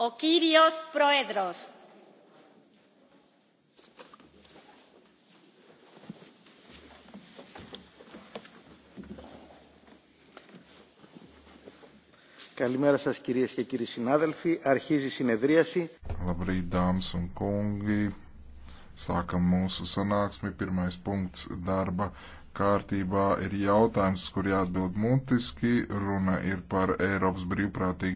ο κύριος Πρόεδρος. Καλημέρα σας κυρίες και κύριοι συνάδελφοι. Αρχίζει η συνεδρίαση. Labrīt, dāmas un kungi. Sākam mūsu sanāksmi. Pirmais punkts darba kārtībā ir jautājums, kur jāatbild mutiski. Runa ir par Eiropas brīvprātīgu